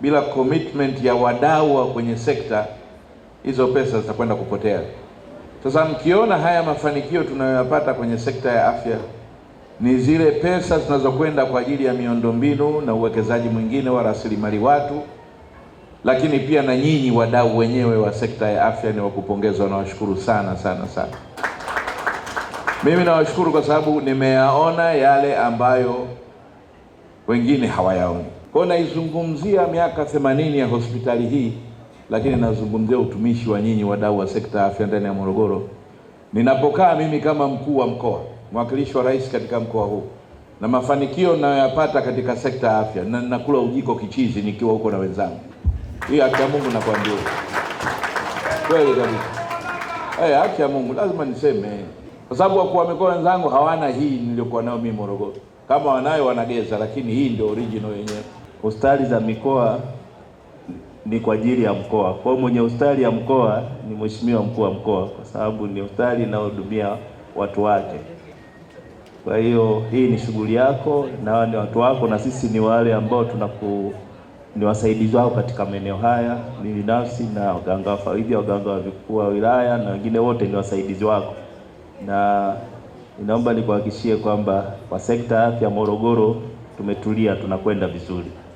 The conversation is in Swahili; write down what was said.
bila commitment ya wadau wa kwenye sekta, hizo pesa zitakwenda kupotea. Sasa mkiona haya mafanikio tunayoyapata kwenye sekta ya afya ni zile pesa zinazokwenda kwa ajili ya miundombinu na uwekezaji mwingine wa rasilimali watu, lakini pia na nyinyi wadau wenyewe wa sekta ya afya ni wakupongezwa, washukuru sana sana sana. Mimi nawashukuru kwa sababu nimeyaona yale ambayo wengine hawayaoni. Kwa naizungumzia miaka themanini ya hospitali hii, lakini nazungumzia utumishi wa nyinyi wadau wa sekta ya afya ndani ya Morogoro. Ninapokaa mimi kama mkuu wa mkoa, mwakilishi wa rais katika mkoa huu, na mafanikio ninayoyapata katika sekta ya afya, na ninakula ujiko kichizi nikiwa huko na wenzangu. Hii haki ya Mungu nakwambia, kweli kabisa. Hey, eh, haki ya Mungu lazima niseme, kwa sababu wakuu wa mikoa wenzangu hawana hii niliyokuwa nayo mimi Morogoro. Kama wanayo wanageza, lakini hii ndio original yenyewe. Hospitali za mikoa ni kwa ajili ya mkoa. Kwa hiyo mwenye hospitali ya mkoa ni mheshimiwa mkuu wa mkoa, kwa sababu ni hospitali inayohudumia watu wake. Kwa hiyo hii ni shughuli yako na ni watu wako, na sisi ni wale ambao tunaku ni wasaidizi wao katika maeneo haya. Ni binafsi na waganga wa waganga wa vikuu wa wilaya na wengine wote ni wasaidizi wako, na inaomba nikuhakikishie kwamba kwa sekta ya afya Morogoro tumetulia, tunakwenda vizuri.